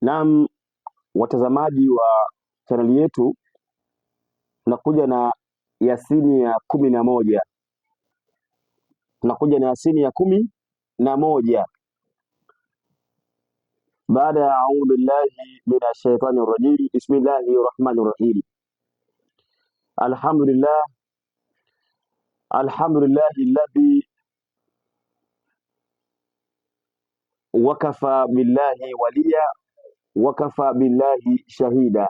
Naam, watazamaji wa chaneli yetu, tunakuja na Yasini ya kumi na moja, tunakuja na Yasini ya kumi na moja baada ya audhu billahi mina rajim, bismillahi rahmani rahim, alhamdulillah alhamdulillahi ladhi wakafa billahi waliya wakafa billahi shahida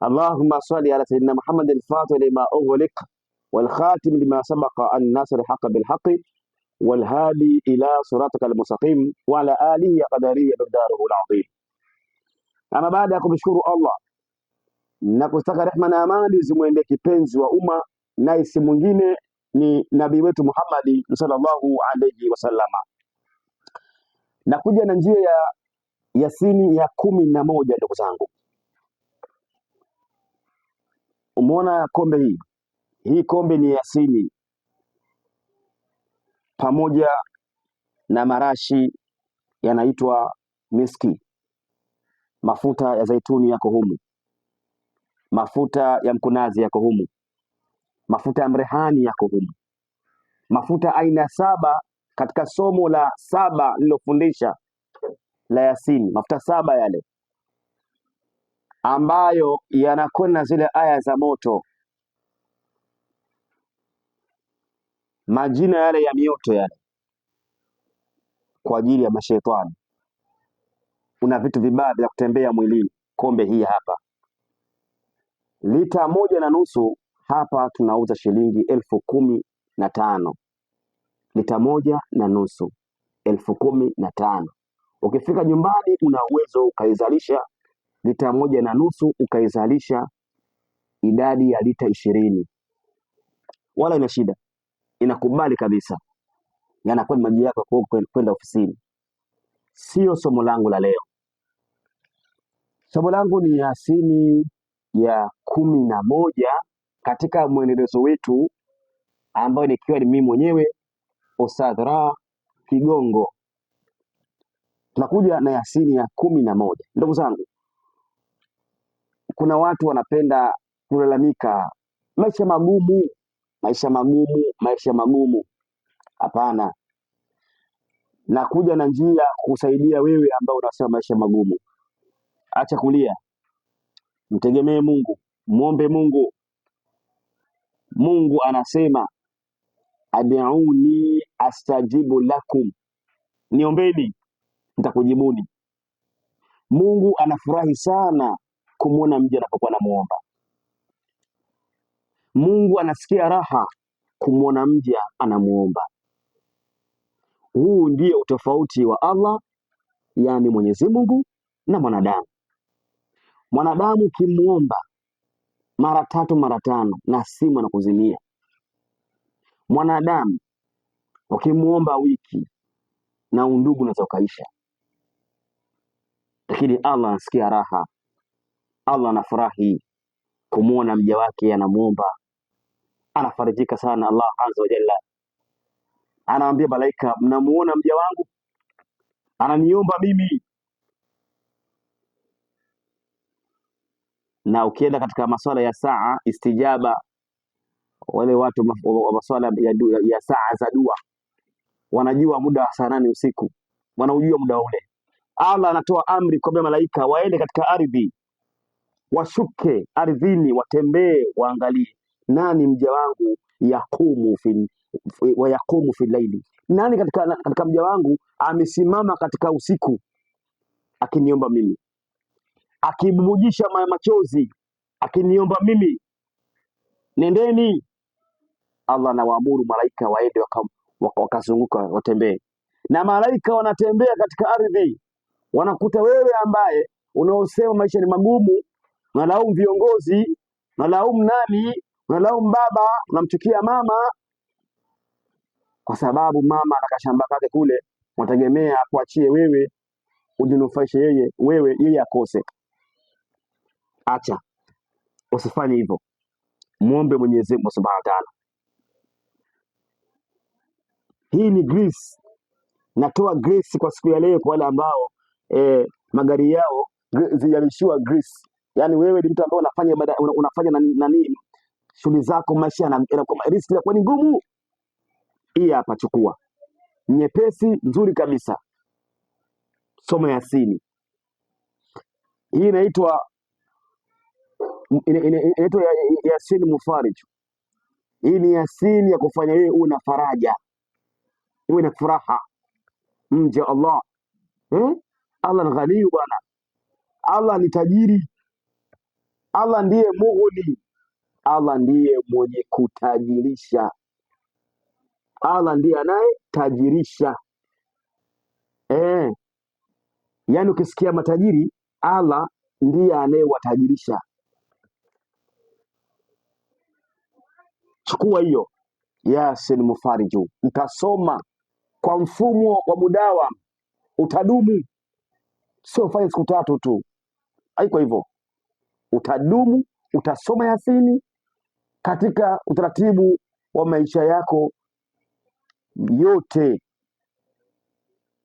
allahumma salli ala sayyidina muhammadin fatih lima ughliq wal khatim lima sabaqa an nasr haqa bil haqi ila siratika al wa ala alihi ya qadariya bidaruhu al azim. Ama baada ya kumshukuru Allah na kustaka rehma na amani zimwende kipenzi wa umma, naye si mwingine ni nabii wetu Muhammadi sallallahu alayhi wasallama, nakuja na njia ya Yasini ya kumi na moja, ndugu zangu, umeona kombe hii hii kombe ni Yasini pamoja na marashi yanaitwa miski, mafuta ya zaituni yako humu, mafuta ya mkunazi yako humu, mafuta ya mrehani yako humu, mafuta aina saba katika somo la saba lililofundisha la Yasini, mafuta saba yale ambayo yanakwenda zile aya za moto, majina yale ya mioto yale kwa ajili ya mashetani. Una vitu vibaya vya kutembea mwilini, kombe hii hapa, lita moja na nusu hapa tunauza shilingi elfu kumi na tano lita moja na nusu elfu kumi na tano Ukifika nyumbani, una uwezo ukaizalisha lita moja na nusu ukaizalisha idadi ya lita ishirini, wala ina shida, inakubali kabisa, yanakuwa ni maji yako kwenda ofisini. Sio somo langu la leo. Somo langu ni Yasini ya kumi na moja katika mwendelezo wetu ambayo nikiwa ni mimi mwenyewe Ustadh Kigongo. Tunakuja na Yasini ya kumi na moja. Ndugu zangu, kuna watu wanapenda kulalamika maisha magumu, maisha magumu, maisha magumu. Hapana, nakuja na njia kusaidia wewe ambao unasema maisha magumu. Acha kulia, mtegemee Mungu, mwombe Mungu. Mungu anasema adiuni astajibu lakum, niombeni nitakujibuni. Mungu anafurahi sana kumwona mja anapokuwa anamuomba. Mungu anasikia raha kumwona mja anamuomba. Huu ndio utofauti wa Allah, yaani Mwenyezi Mungu na mwanadamu. Mwanadamu ukimwomba mara tatu mara tano na simu anakuzimia. Mwanadamu ukimwomba wiki na undugu unaweza ukaisha lakini Allah anasikia raha, Allah anafurahi kumuona mja wake anamuomba, anafarijika sana. Allah azza wa jalla anaambia malaika, mnamuona mja wangu ananiomba mimi. Na ukienda katika masuala ya saa istijaba, wale watu wa masuala ya, ya saa za dua wanajua muda wa saa nane usiku, wanaujua muda ule Allah anatoa amri kwamba malaika waende katika ardhi, washuke ardhini, watembee, waangalie nani mja wangu yakumu fi wa yakumu fi laili, nani katika, katika mja wangu amesimama katika usiku akiniomba mimi, akibubujisha machozi akiniomba mimi, nendeni. Allah anawaamuru malaika waende wakazunguka, waka watembee, na malaika wanatembea katika ardhi wanakuta wewe ambaye unaosema maisha ni magumu, unalaumu viongozi, unalaumu nani, unalaumu baba, unamchukia mama, kwa sababu mama ana kashamba kake kule, unategemea kuachie wewe ujinufaishe yeye, wewe yeye akose. Acha, usifanye hivyo, muombe Mwenyezi Mungu Subhanahu wa Ta'ala. Hii ni grace, natoa grace kwa siku ya leo kwa wale ambao eh, magari yao zijamishiwa grease. Yani wewe ni mtu ambaye unafanya unafanya nani, nani shughuli zako, maisha yanakuwa risk inakuwa ni ngumu. Hii hapa chukua, nyepesi nzuri kabisa, somo Yasini. Hii inaitwa inaitwa Yasini Mufarij. Hii ni Yasini ya kufanya wewe uwe na faraja, uwe na furaha mja Allah, hmm? Allah ni ghaniyu bwana, Allah ni tajiri, Allah ndiye mughni, Allah ndiye mwenye kutajirisha, Allah ndiye anayetajirisha. Eh, yaani ukisikia matajiri, Allah ndiye anayewatajirisha. Chukua hiyo Yasin Mufariju, mtasoma kwa mfumo wa mudawam, utadumu sio ufanye siku tatu tu, haiko hivyo. Utadumu, utasoma Yasini katika utaratibu wa maisha yako yote,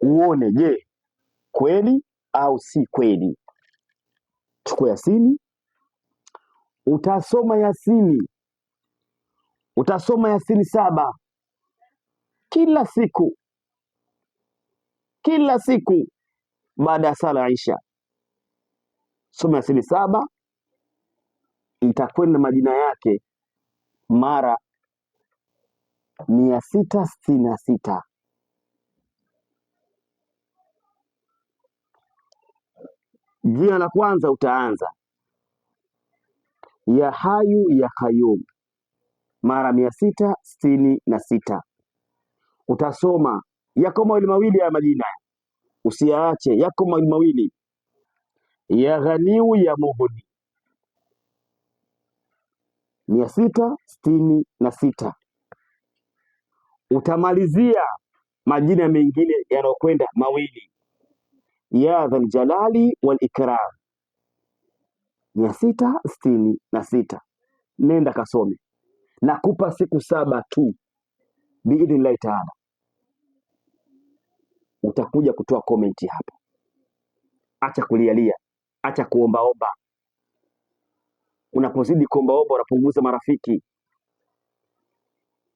uone je, kweli au si kweli. Chukua Yasini, utasoma Yasini, utasoma Yasini saba kila siku, kila siku baada ya sala ya Isha. Soma Yasini saba, itakwenda majina yake mara mia sita sitini na sita. Jina la kwanza utaanza ya hayu ya kayum mara mia sita sitini na sita utasoma yako mawili mawili ya majina usiyaache yako mawili ya ghaniu ya muhuni mia sita sitini na sita utamalizia majina mengine yanayokwenda mawili ya dhal jalali wal ikram mia sita sitini na sita. Nenda kasome, nakupa siku saba tu biidhnillahi taala utakuja kutoa komenti hapo. Acha kulialia, acha kuombaomba. Unapozidi kuombaomba, unapunguza marafiki.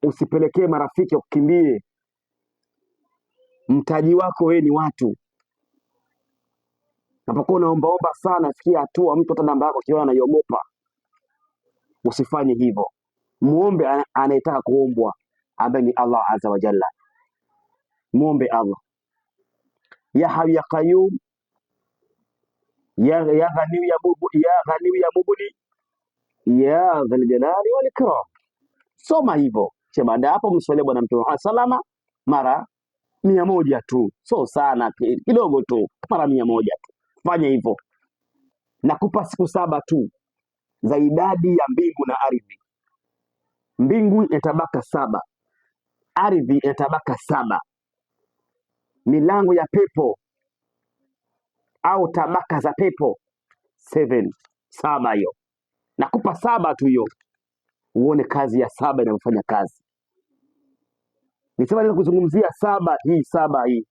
Usipelekee marafiki wakukimbie. Mtaji wako wewe ni watu. Unapokuwa unaombaomba sana, sikia hatua mtu hata namba yako akiona anaiogopa. Usifanye hivyo, muombe anayetaka kuombwa, ambaye ni Allah azza wa jalla. Muombe Allah ya hayu ya qayyum ya ya ya mubni ya ghaniyu ya mubni ya dhal jalali wal ikram. Soma hivyo che baada hapo mswalie Bwana Mtume wa salama mara mia moja tu, so sana kidogo tu, mara mia moja tu. Fanya hivyo, nakupa siku saba tu za idadi ya mbingu na ardhi. Mbingu ya tabaka saba, ardhi ya tabaka saba milango ya pepo au tabaka za pepo seven, saba. Hiyo nakupa saba tu hiyo, uone kazi ya saba inavyofanya kazi. Nisema naweza kuzungumzia saba hii, saba hii.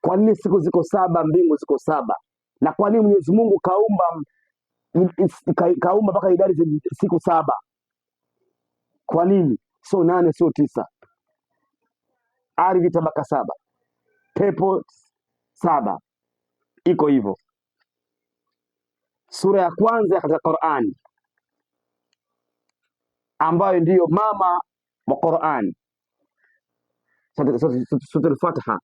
Kwa nini siku ziko saba, mbingu ziko saba, na kwa nini Mwenyezi Mungu kaumba kaumba mpaka idadi zenye siku saba? Kwa nini sio nane, sio tisa? Ardhi tabaka saba pepo saba, iko hivyo. Sura ya kwanza katika Qur'ani ambayo ndiyo mama wa Qur'ani, Suratul Fatiha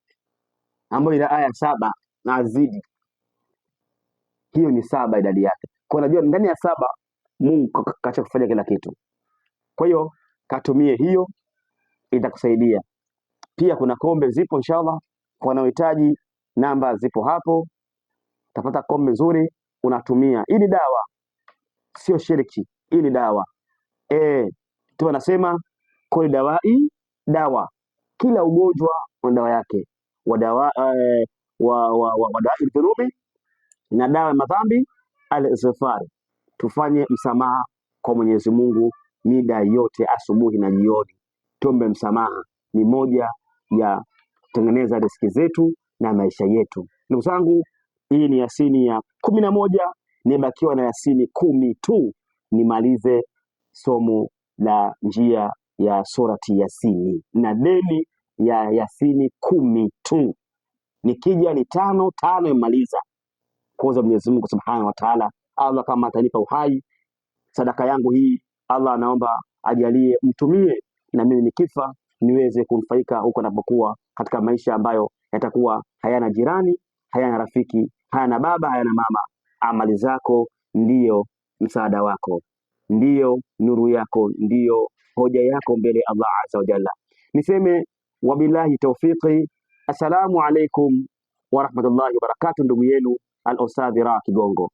ambayo ina aya saba na azidi hiyo ni saba idadi yake. Kwa unajua ndani ya saba Mungu kacha kufanya kila kitu. Kwa hiyo katumie hiyo, itakusaidia pia. Kuna kombe zipo inshallah wanaohitaji, namba zipo hapo, utapata kombe nzuri unatumia. Hii ni dawa, sio shiriki, hii ni dawa e, tu anasema dawa hii dawa, kila ugonjwa una dawa yake wadawa e, wa, wa, wa, wadai dhunubi na dawa ya madhambi al Tufanye msamaha kwa Mwenyezi Mungu mida yote, asubuhi na jioni. Tuombe msamaha, ni moja ya kutengeneza riski zetu na maisha yetu. Ndugu zangu, hii ni Yasini ya kumi na moja, nimebakiwa na Yasini kumi tu nimalize somo la njia ya surati Yasini na deni ya Yasini kumi tu. Nikija ni tano tano, imaliza kuoza Mwenyezi Mungu subhanahu wa taala. Allah kama atanipa uhai, sadaka yangu hii, Allah anaomba ajalie mtumie na mimi nikifa niweze kunufaika huko anapokuwa katika maisha ambayo yatakuwa hayana jirani, hayana rafiki, hayana baba, hayana mama. Amali zako ndiyo msaada wako, ndiyo nuru yako, ndiyo hoja yako mbele ya Allah azza wa jalla. Niseme wabillahi tawfiqi. Assalamu alaikum warahmatullahi barakatuh, ndugu yenu Al-Ustadhi Raa Kigongo.